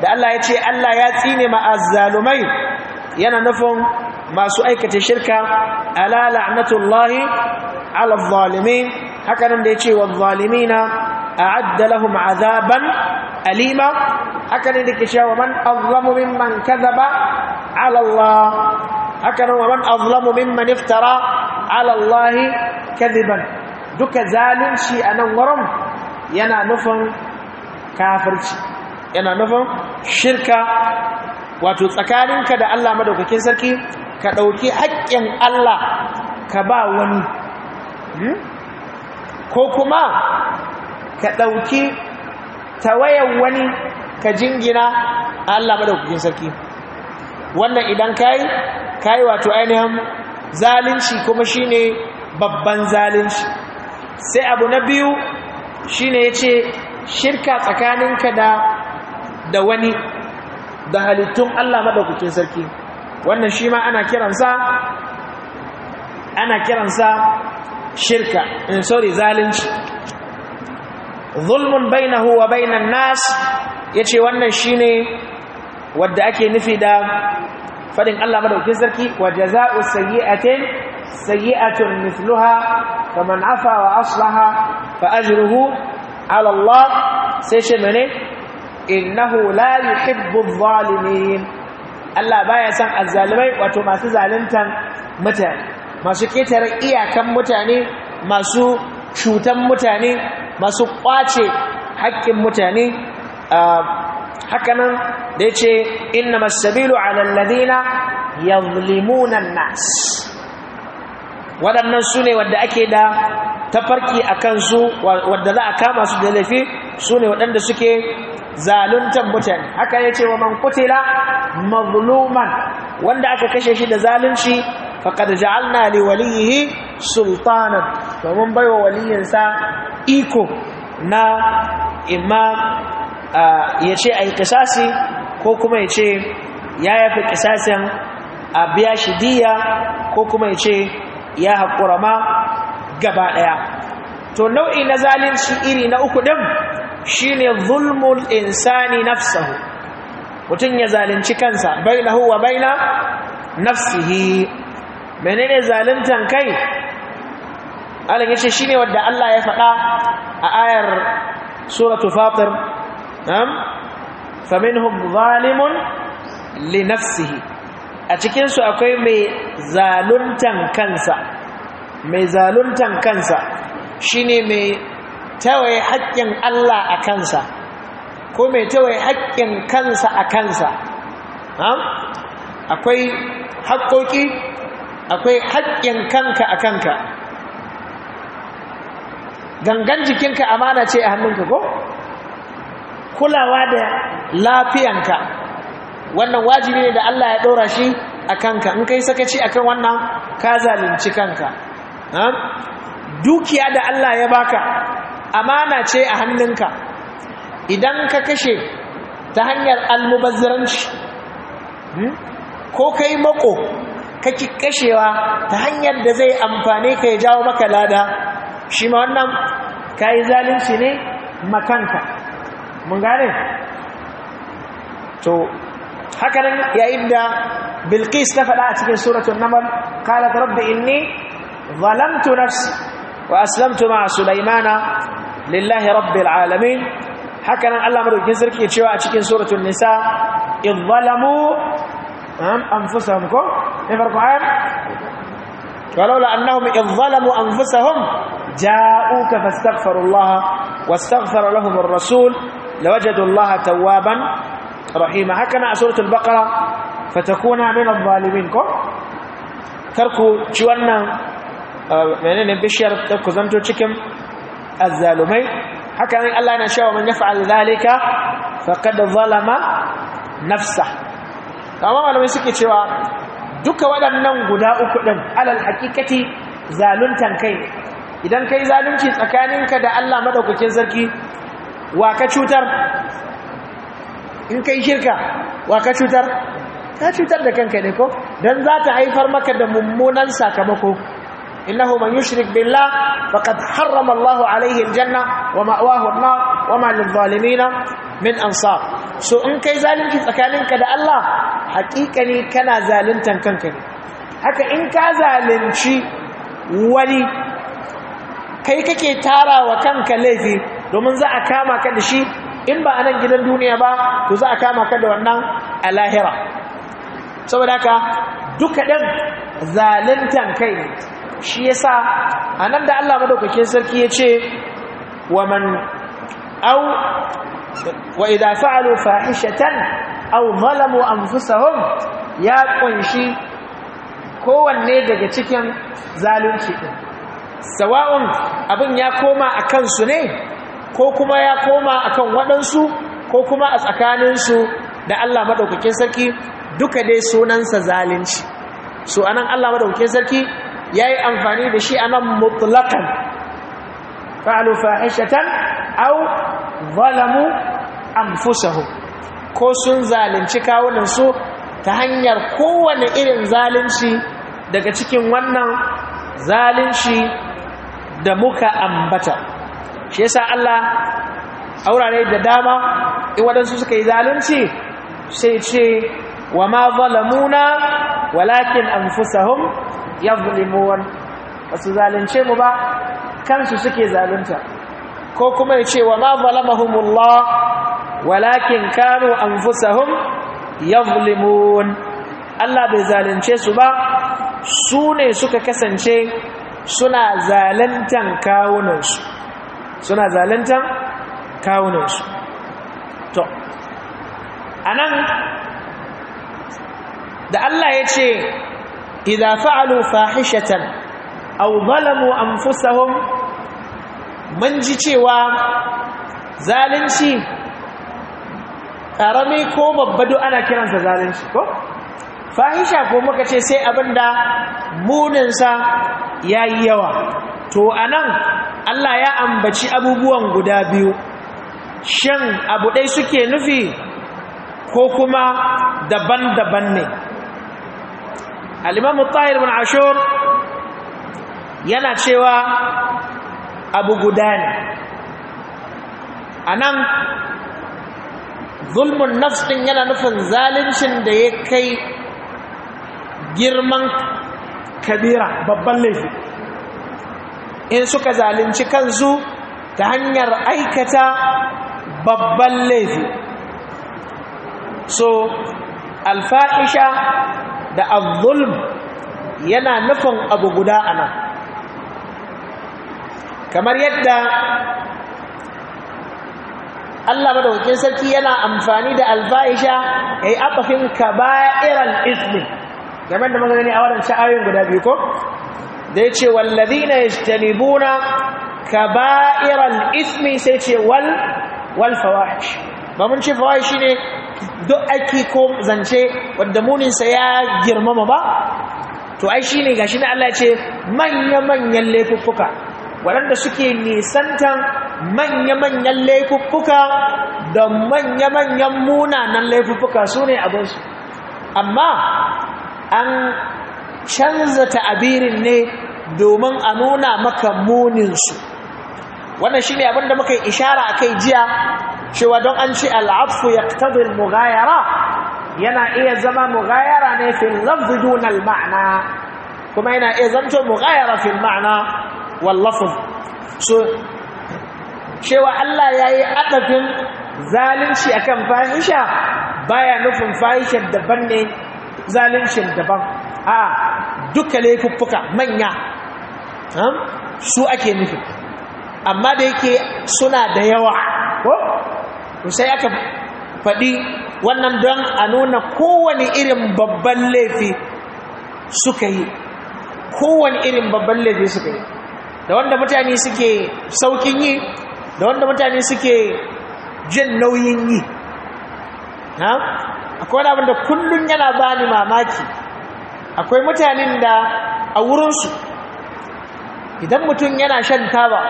da Allah yace Allah ya tsine ma azzalumai yana nufin masu aikata shirka ala la'natullahi ala zalimin haka nan da ce wa zalimina a'adda lahum azaban alima haka ne dake cewa man azlamu mimman kadhaba ala Allah haka nan wa man azlamu mimman iftara ala Allah kadhiban duka zalunci anan wurin yana nufin kafirci yana nufin shirka wato tsakaninka da Allah madaukakin sarki ka ɗauki haƙƙin Allah ka ba wani hmm? ko kuma ka ɗauki tawayan wani ka jingina a Allah madaukakin sarki wannan idan kayi kayi wato ainihin zalunci kuma shine babban zalunci sai abu na biyu shine yace shirka tsakaninka da da wani da halittun Allah madaukakin sarki wannan shi ma ana kiransa ana kiransa shirka in eh, sorry zalunci zulmun bainahu wa bainan nas yace wannan shine wanda ake nufi da fadin Allah madaukakin sarki wa jazaa'u sayyi'atin sayyi'atun mithluha faman afa wa aslaha fa ajruhu ala Allah sai shi mene innahu la yuhibbu adh-dhalimin Allah baya son azzalimai wato masu zaluntan mutane masu ketare iyakan mutane masu cutan mutane masu kwace haƙƙin mutane ah, hakanan da yace innamas sabilu 'alal ladina yadhlimuna an-nas waɗannan su ne wadda ake da tafarki a kansu wadda za a kama su da laifi su ne waɗanda suke zaluntar mutane haka ya ce wa man kutila mazluman wanda aka kashe shi da zalunci faqad ja'alna ne waliyyi sultanan domin baiwa waliyyinsa iko na imma ya ce a yi kisasi ko kuma ya ce ya yafi kisasin a biya shi diya ko kuma ya ce ya haƙura ma gaba ɗaya to nau'i na zalunci iri na uku ɗin shi ne zulmul insani nafsahu mutum ya zalunci kansa baina huwa baina nafsihi menene zaluntan kai alin yace shine wanda Allah ya faɗa a ayar suratu fatir faminhum zalimun li nafsihi a cikinsu akwai mai zaluntan kansa mai zaluntan kansa shine mai tawaye haƙƙin Allah a kansa ko mai tawaye haƙƙin kansa a kansa akwai haƙƙoƙi akwai haƙƙin kanka a kanka gangan jikinka amana ce a hannunka ko kulawa da lafiyanka wannan wajibi ne da Allah ya ɗora shi a kanka in kai sakaci akan wannan ka zalunci kanka dukiya da Allah ya baka amana ce a hannunka idan ka kashe ta hanyar almubazzaranci. Hmm, ko kai mako kake kashewa ta hanyar da zai amfane ka ya jawo maka lada shi ma wannan yi zalunci ne makanka mun gane to حكنا يا يعد بالقيس لفلات في سورة النمر قالت رب إني ظلمت نفسي وأسلمت مع سليمان لله رب العالمين هكذا الله مرد جزرك يتشوى أتشكين سورة النساء إذ ظلموا نعم، أنفسهم نفرق عام ولولا أنهم إذ ظلموا أنفسهم جاءوك فاستغفروا الله واستغفر لهم الرسول لوجدوا الله توابا رحيما هكذا سورة البقرة فتكون من الظالمين كو تركوا شوانا منين بشير تركوا زمتو تشكم الظالمين هكذا الله نشاء من يفعل ذلك فقد ظلم نفسه amma malamai suke cewa duka waɗannan guda uku ɗin alal hakikati zaluntan kai idan kai zalunci tsakaninka da Allah madaukakin sarki wa ka cutar in kai shirka wa ka cutar ka cutar da kanka ne ko dan za ta haifar maka da mummunan sakamako innahu man yushrik billah faqad harrama Allahu alayhi aljanna wa ma'wahu wa ma lil min ansar so in kai zalunci tsakaninka da Allah ne kana zaluntan kanka ne haka in ka zalunci wani kai kake tara wa kanka laifi domin za a kama ka da shi in ba a nan gidan duniya ba to za a kama ka da wannan alahira saboda haka duka ɗan zalintan kai ne shi yasa a nan da Allah madaukakin sarki ya ce wa man au wa idza fa'alu fahishatan aw zalamu anfusahum ya ƙunshi kowanne daga cikin zalunci din sawa'un abin ya koma a kansu ne ko kuma ya koma akan waɗansu ko kuma a tsakaninsu da Allah maɗaukakin sarki duka dai sunansa zalunci so anan Allah maɗaukakin sarki ya yi amfani da shi anan mutlakan fa'alu fa’ishatan au zalamu fusahu ko sun zalunci kawunansu ta hanyar kowane irin zalunci daga cikin wannan zalunci da muka ambata shi yasa Allah a wurare da dama in waɗansu suka yi zalunci sai ce wa ma zalamuna walakin anfusahum yadhlimun wasu zalunce mu ba kansu suke zalunta ko kuma ya ce wa ma zalamahumullah walakin kanu anfusahum yadhlimun Allah bai zalunce su ba su ne suka kasance suna zalantan kawunansu suna zalantan kawunansu to a nan da Allah ya ce idha fa'alu fahishatan aw zalamu anfusahum mun ji cewa zalunci ƙarami ko babba ana kiransa zalunci ko fahisha ko muka ce sai abin abinda muninsa yayi yawa to anan Allah ya ambaci abubuwan guda biyu shan abu ɗai suke nufi ko kuma daban-daban ne alimamu tahir bin ashur yana cewa abu guda ne anan zulmun zulmin nafs ɗin yana nufin zaluncin da ya kai girman kabira babban laifi in suka zalunci kansu ta hanyar aikata babban laifi so alfa'isha da al-zulm yana nufin abu guda anan, kamar yadda Allah madaukin sarki yana amfani da ya yayi abafin kaba'iran ismi game da magana a wannan sha'ayoyin guda biyu ko da ya ce wallazina yajtanibuna kaba'iral ismi sai ce wal wal fawahish ba mun ce fawahish ne duk aiki ko zance wanda muninsa ya girmama ba to ai shine ne gashi na Allah ce manya-manyan laifuffuka waɗanda suke nisantan manya-manyan laifuffuka da manya-manyan munanan laifuffuka su ne abinsu amma an canza ta'abirin ne domin a nuna maka muninsu wannan shi ne abinda muka yi ishara a kai jiya cewa don an ce al'afu ya ƙtadil mugayara yana iya zama mugayara ne fil lafzi dunal ma'ana kuma yana iya zanto mugayara fil ma'ana wallafin so cewa Allah ya yi aɗafin zalunci akan fahisha baya nufin fahishar daban ne zaluncin daban a duka laifuffuka manya su ake nufi amma da yake suna da yawa ko sai aka faɗi wannan don a nuna kowane irin babban laifi suka yi kowane irin babban laifi suka yi da wanda mutane suke saukin yi da wanda mutane suke jin nauyin yi akwai wani abin da kullum yana bani mamaki akwai mutanen da a wurinsu idan mutum yana shan taba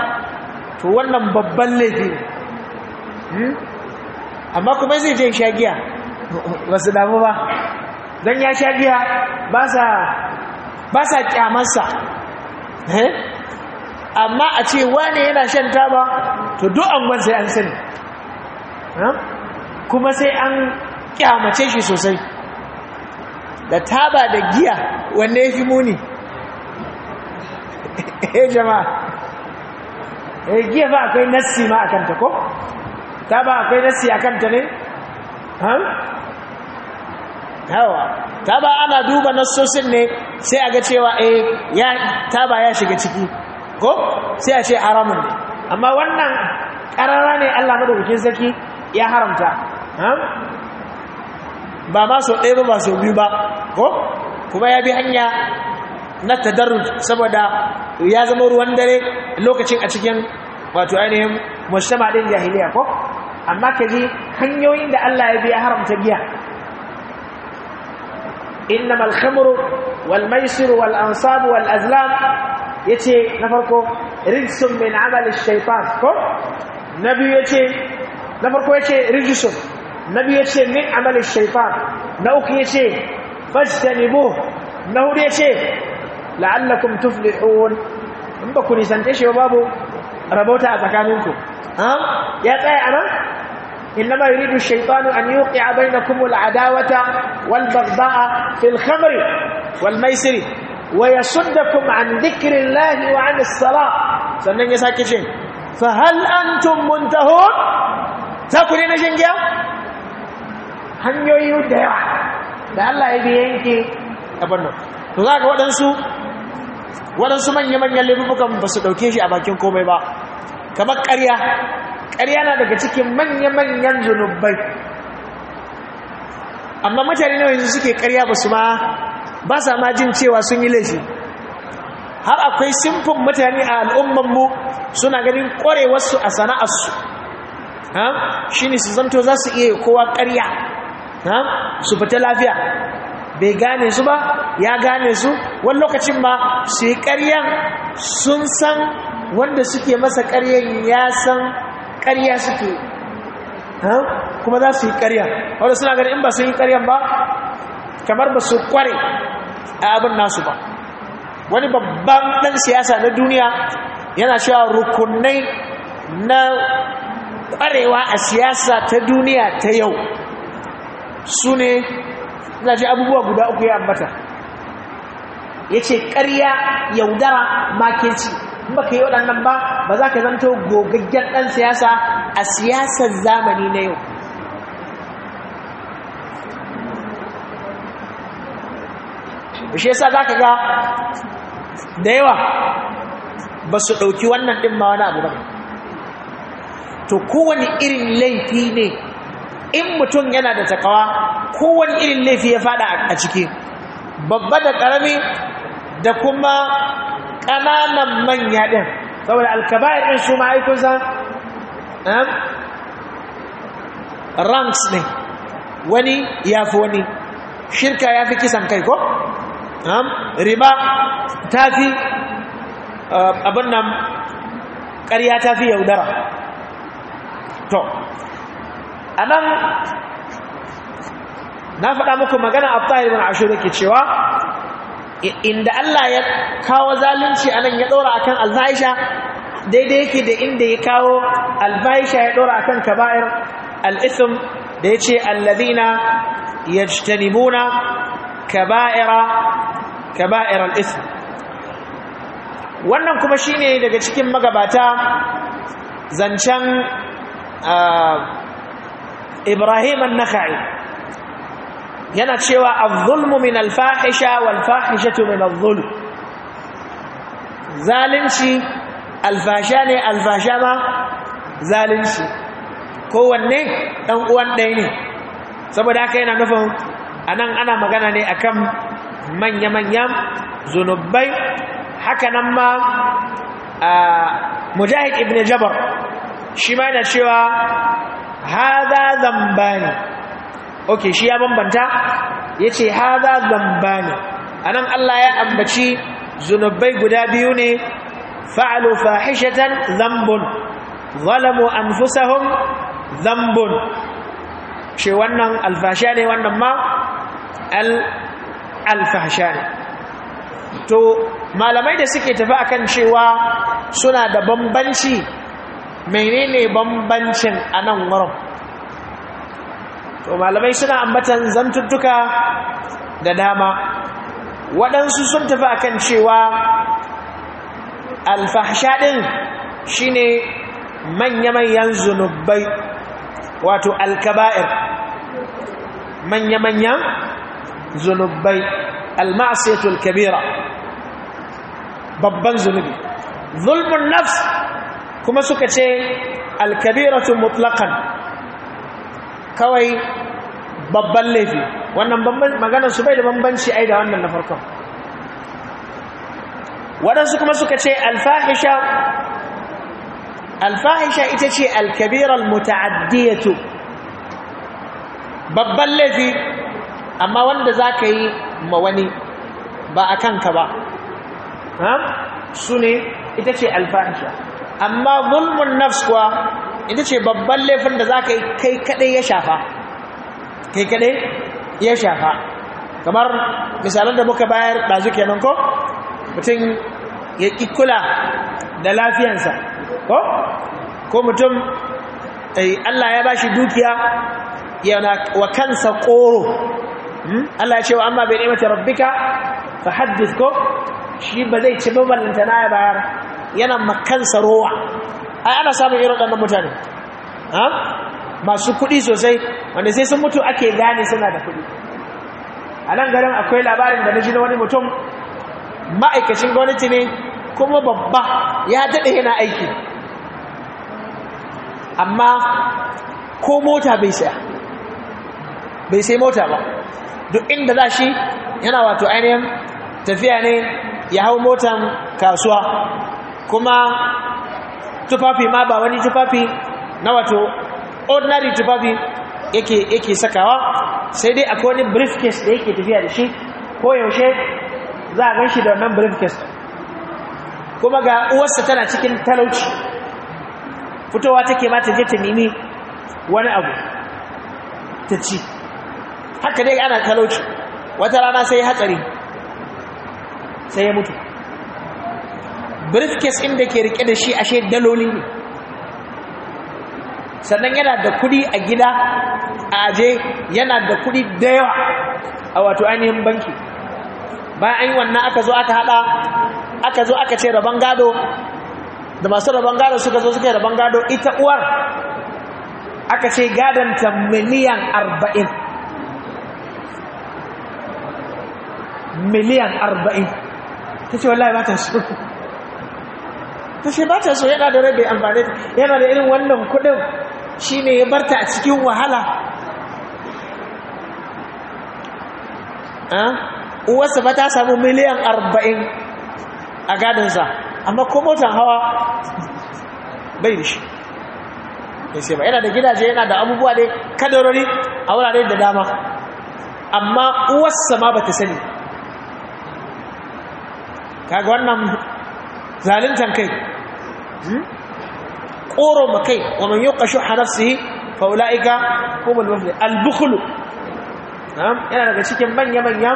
to wannan babban laifi ne hmm? amma kuma zai je shagiya ba su damu ba don ya shagiya ba sa kyamarsa eh? amma a ce wane yana shan taba to duk angon sai an sani eh? kuma sai an kyamace shi sosai da taba da giya wanne ya fi muni eh jama'a eh, giya ba akwai nassi ma akan ta ko taba akwai nassi akan ta ne han yawa taba ana duba nassosin ne sai a ga cewa eh ya taba ya shiga ciki ko sai a ce haramun ne amma wannan karara ne Allah madaukakin saki ya haramta ba ma so ɗaya ba ba so biyu ba ko kuma ya bi hanya na tadarruj saboda ya zama ruwan dare lokacin a cikin wato ainihin mujtama din jahiliya ko amma kaji hanyoyin da Allah ya bi ya haramta giya innamal khamru wal maisir wal ansab wal azlam yace na farko rijsun min amal ash-shaytan ko nabi yace na farko yace rijsun nabi yace min amal ash-shaytan na uku yace فاجتنبوه انه hudu ya ce la'allakum tuflihun in ba ku nisante shi babu rabauta a إنما يريد الشيطان أن يوقع بينكم العداوة والبغضاء في الخمر والميسر ويصدكم عن ذكر الله وعن الصلاة سنن يساكشين فهل أنتم منتهون تاكلين جنجا هنيو يدعى da Allah ya bi yanke abin nan to za ga waɗansu waɗansu manya-manyan laifukan ba su ɗauke shi a bakin komai ba kamar ƙarya ƙarya na daga cikin manya-manyan zunubai amma mutane na yanzu suke ƙarya ba su ma ba sa ma jin cewa sun yi laifi har akwai simfin mutane a al'ummanmu suna ganin ƙwarewarsu a sana'arsu shi ne su zanto za su iya kowa ƙarya ha su fita lafiya bai gane su ba ya gane su wani lokacin ma su ƙaryan sun san wanda suke masa ƙaryan ya san ƙarya suke kuma za su yi ƙarya wanda suna gani in ba su yi ƙaryan ba kamar ba su kware a abin nasu ba wani babban ɗan siyasa na duniya yana cewa rukunai na ƙwarewa a siyasa ta duniya ta yau su ne na ji abubuwa guda uku ya ambata ya ce ƙarya yaudara makinci ba ka yi waɗannan ba ba za ka zanto gogaggen ɗan siyasa a siyasar zamani na yau bishe sa za ka ga da yawa ba su ɗauki wannan ɗin ma wani abu ba to kowane irin laifi ne in mutum yana da takawa kowane irin laifi ya fada a ciki babba da ƙarami da kuma ƙananan manya ɗin saboda alkabayar ɗin su ma'aikunsa eh, ranks ne wani ya fi wani shirka ya fi kisan kai ko eh, riba ta fi eh, abin nan ƙarya ta fi yaudara to anan na faɗa muku magana abdullahi ibn ashur yake cewa inda Allah ya kawo zalunci a nan ya ɗora akan al-Aisha daidai yake da inda ya kawo al-Aisha ya ɗora akan kaba'ir al'ism da yace ce yajtanibuna kaba'ira kaba'ir al'ism wannan kuma shine daga cikin magabata zancen ah, ibrahim an yana cewa az-zulmu min al-fahisha wal-fahishatu min az-zulm zalunci alfasha ne alfasha ma zalunci kowanne dan uwan ɗaya ne saboda haka yana nufin anan ana magana ne akan manya-manya zunubai haka nan ma mujahid ibn jabar shi ma yana cewa haza zambani ok shi ya bambanta ya ce haza zambani a nan Allah ya ambaci zunubai guda biyu ne fa'alu fahishatan zambun zalamu anfusahum zambun ce wannan alfasha ne wannan ma alfasha ne to malamai da suke tafi akan cewa suna da bambanci menene bambancin a nan wurin to malamai suna ambatan zantuttuka da dama waɗansu sun tafi a kan cewa alfahsha ɗin shine manya-manyan zunubai wato alkaba'ir manya-manyan zunubai almasiyatul kabira babban zunubi zulmun nafs kuma suka ce alkabiratu mutlakan kawai babban laifi wannan maganar su bai da bambanci ai da wannan na farkon waɗansu kuma suka ce alfahisha alfahisha ita ce alkabirar muta'addiyatu babban laifi amma wanda za ka yi ma wani ba a kanka ba su ne ita ce alfahisha amma zulmun nafs kuwa ita ce babban laifin da za ka yi kai kaɗai ya shafa kai ya shafa kamar misalan da muka bayar ɗazu kenan ko mutum ya ƙi kula da lafiyansa ko ko mutum eh, Allah ya ba shi dukiya yana wa kansa ƙoro hmm? Allah ya ce wa amma bai ni'imata rabbika fa haddith ko shi ba zai ci baballanta na ya bayar yana makansa rowa ai ana samun irin wannan mutane masu kuɗi sosai wanda sai sun mutu ake gane suna da kuɗi a nan garin akwai labarin da na ji na wani mutum ma'aikacin gwamnati ne kuma babba ya daɗe yana aiki amma ko mota bai saya bai sai mota ba duk inda za shi yana wato ainihin tafiya ne ya hau motan kasuwa kuma tufafi ma ba wani tufafi na wato ordinary tufafi yake yake sakawa sai dai akwai wani briefcase da yake tafiya da shi ko yaushe za a gan shi da wannan briefcase kuma ga uwarsa tana cikin talauci fitowa take ma ta je ta nemi wani abu ta ci haka dai ana talauci wata rana sai hatsari sai ya mutu briefcase inda ke rike da shi ashe daloli ne sannan yana da kudi a gida a aje yana da kudi da yawa a wato ainihin banki bayan an yi wannan aka zo aka hada aka zo aka ce rabon gado da masu rabon gado suka zo suka yi rabon gado ita uwar aka ce gadonta miliyan arba'in miliyan arba'in ta ce wallahi ba ta shi ta sai ba ta so yana da rabe amfani ta yana da irin wannan kuɗin shi ne ya barta a cikin wahala ah? uwarsa ba ta samu miliyan arba'in a gadinsa amma ko motar hawa bai da shi ya ce ba yana da gidaje yana da abubuwa ne kadarori a wurare da dama amma uwarsa ma ba ta sani kaga wannan zaluntan kai ƙoro hmm? ma kai wa man yau ƙashu hanafsi fa'ula'ika ko mulmafi albukulu yana daga cikin manya manya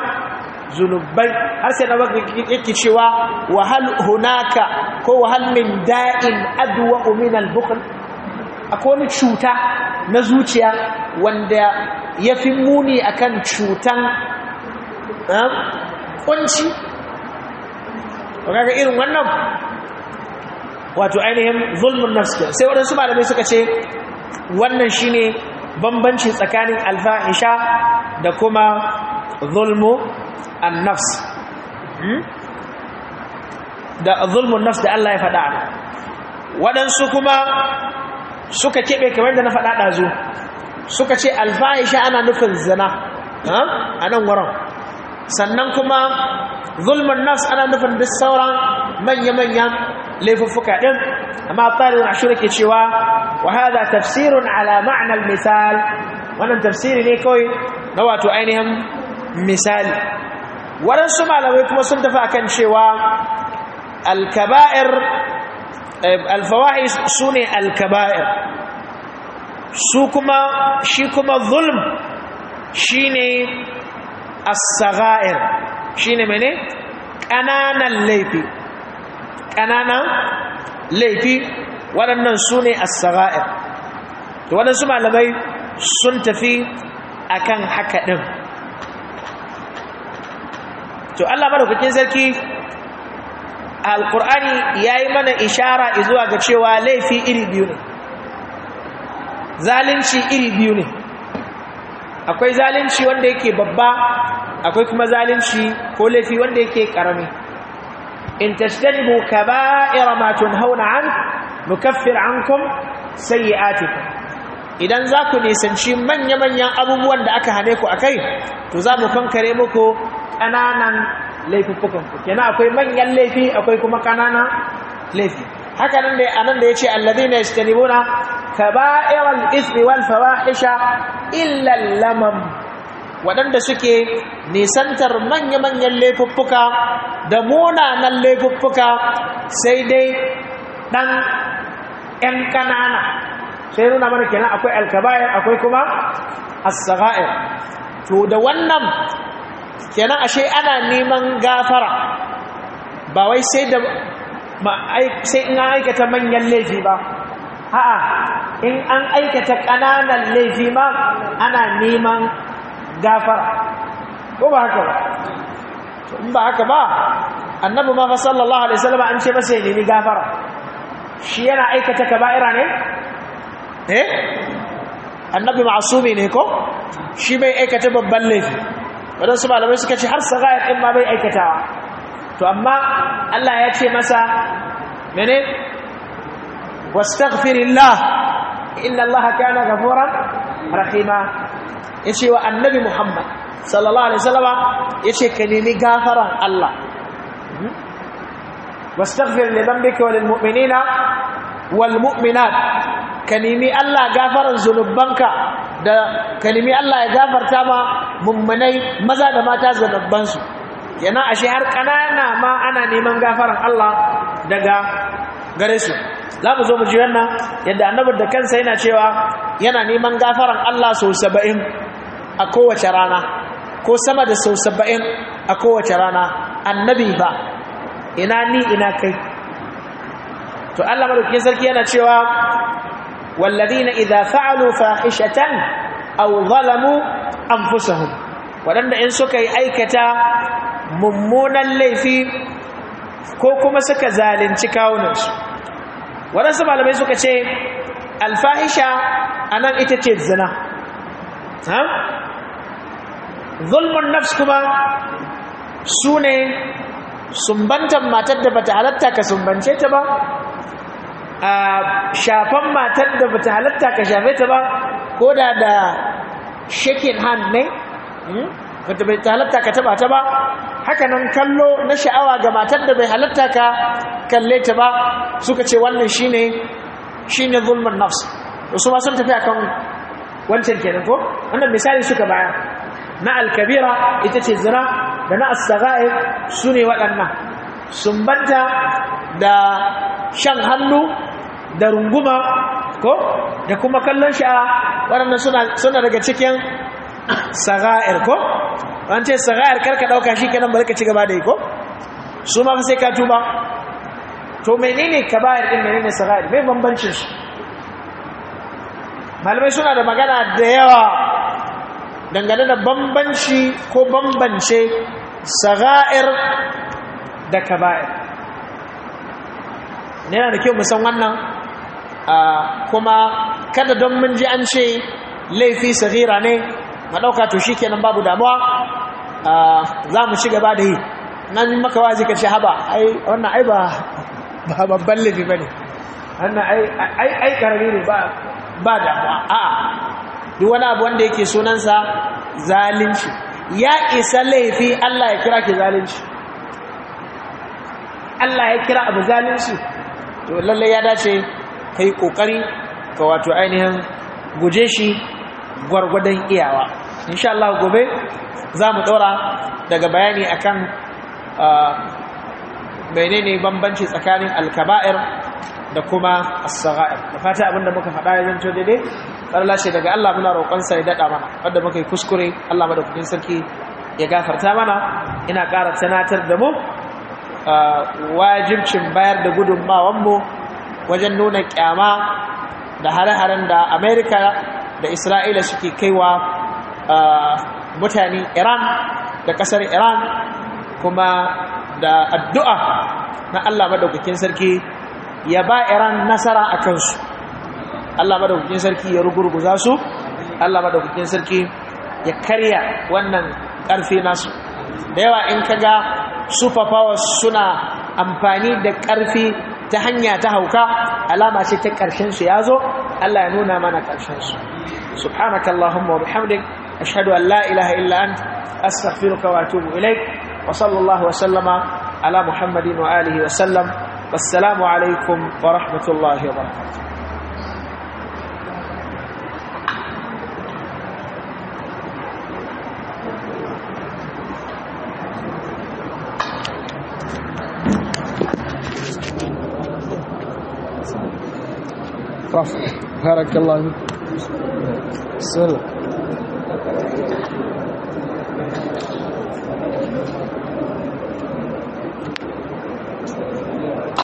zunubai har sai na baka yake cewa wahal hunaka ko wahal min da'in adwa min al akwai cuta na zuciya wanda ya fi muni akan cutan kunci kaga irin wannan wato ainihin zulmun nafsi. sai waɗansu malamai suka ce wannan shine bambanci tsakanin alfahisha da kuma zulmu an-nafs hmm? da zulmun nafsi da Allah ya faɗa waɗansu kuma suka keɓe kamar da na faɗa ɗazu suka ce alfahisha ana nufin zina a nan wurin sannan kuma zulmin nas ana nufin duk sauran manya manya laifuffuka ɗin amma ƙarin ashirin ke cewa wa hada tafsirun ala ma'anar misal wannan tafsiri ne kawai na wato ainihin misali waɗansu malamai kuma sun tafi akan cewa alkaba'ir eh, alfawahi su ne alkaba'ir su kuma shi kuma zulm shi ne as-sagha'ir shine mene ƙananan laifi ƙananan laifi waɗannan su as-sagha'ir to waɗansu malamai sun tafi akan haka ɗin to Allah madaukakin sarki Alƙur'ani ya yi mana ishara izuwa ga cewa laifi iri biyu ne zalunci iri biyu ne akwai zalunci wanda yake babba akwai kuma zalunci ko laifi wanda yake karami in tajtanibu kaba'ira ma tunhauna an nukaffir ankum sayi'atikum idan za ku nisanci manya-manyan abubuwan da aka hane ku akai to za mu kankare muku ƙananan ku. kenan akwai manyan laifi akwai kuma ƙananan laifi haka nan da anan da yace allazina yastanibuna kaba'ir al-ismi wal fawahisha illa lamam waɗanda suke nisantar manya-manyan laifuffuka da munanan laifuffuka sai dai ɗan ‘yan ƙanana sai nuna mana kenan akwai alkabayar akwai kuma as-sagha'ir to da wannan kenan ashe ana neman gafara ba wai sai da sai aikata manyan laifi ba a'a in an aikata ƙananan laifi ma ana neman gafara ko ba haka ba in ba haka ba annabu ma fa sallallahu alaihi wasallam an ce masa ya nemi gafara shi yana aikata kaba'ira ne eh annabi ma'asumi ne ko shi bai aikata babban laifi su malamai suka ce har sagayar ɗin ma bai aikatawa to amma Allah ya ce masa mene واستغفر الله إن الله كان غفورا رحيما يشي والنبي محمد صلى الله عليه وسلم يشي كنيمي غافرا الله واستغفر لذنبك وللمؤمنين والمؤمنات كنيمي الله غافرا ذنوبك da kalimi Allah ya gafarta ma mummunai maza da mata zanabbansu yana ashe har ƙanana ma ana neman gafaran Allah daga gare su za mu zo mu ji wannan yadda annabar da kansa yana cewa yana neman gafaran Allah sau saba'in a kowace rana ko sama da sau saba'in a kowace rana annabi ba ina ni ina kai to Allah madaukakin sarki yana cewa walladina idza fa'alu fahishatan aw zalamu anfusahum wadanda in suka yi aikata mummunan laifi ko kuma suka zalunci kawunansu waɗansu malamai suka ce alfahisha a nan ita ce zina zulmun nafs kuma su ne sumbantan matar da bata halatta ka sumbance ta ba a shafan matar da bata halatta ka shafe ta ba ko da da shekin hand ne hmm? wanda bai halatta ka taba ta ba haka nan kallo na sha'awa ga matar da bai halatta ka kalle ta ba suka ce wannan shine shine zulmun nafs su ma sun tafi akan wancan kenan ko wannan misali suka baya na alkabira ita ce zina da na as-sagha'ir sune waɗannan sumbanta da shan hannu da runguma ko da kuma kallon sha'a waɗannan suna daga cikin saga'ir ko an ce saga'ir karka dauka shi kenan bari ka ci gaba da yi ko su ma sai ka tuba to menene kaba'ir din menene saga'ir me bambancin su malamai suna da magana da yawa dangane da bambanci ko bambance saga'ir da kaba'ir yana da kyau musan wannan ah, kuma kada don mun ji an ce laifi sagira ne na to shi kenan babu damuwa ah, za mu shiga ba da yi nan maka wazi ka ce haba ai wannan ai ba babban laifi ba ne wannan ai ai karami ne ba damuwa a'a duk wani abu wanda yake sunansa zalunci ya isa laifi Allah ya kira ki zalunci Allah ya kira abu zalunci to lalle ya dace kai kokari ka wato ainihin guje shi gwargwadon iyawa insha Allah gobe za mu ɗora daga bayani akan menene bambanci tsakanin alkaba'ir da kuma as-sagha'ir da fata abinda muka faɗa ya zanto daidai Allah shi daga Allah muna roƙonsa ya daɗa mana wanda muka yi kuskure Allah kudin sarki ya gafarta mana ina ƙara sanatar da mu wajibcin bayar da mu wajen nuna kyama da hare-haren da Amerika da Isra'ila suke kaiwa mutane iran da kasar iran kuma da addu'a na allah madaukakin sarki ya ba iran nasara a kansu allah madaukakin sarki ya rugurguza su allah madaukakin sarki ya karya wannan ƙarfi nasu da yawa in kaga superpowers suna amfani da ƙarfi ta hanya ta hauka alama ce ta ƙarshen su ya zo Allah ya nuna mana ƙarshen su subhanakallahumma wa bihamdik أشهد أن لا إله إلا أنت أستغفرك وأتوب إليك وصلى الله وسلم على محمد وآله وسلم والسلام عليكم ورحمة الله وبركاته بارك الله فيك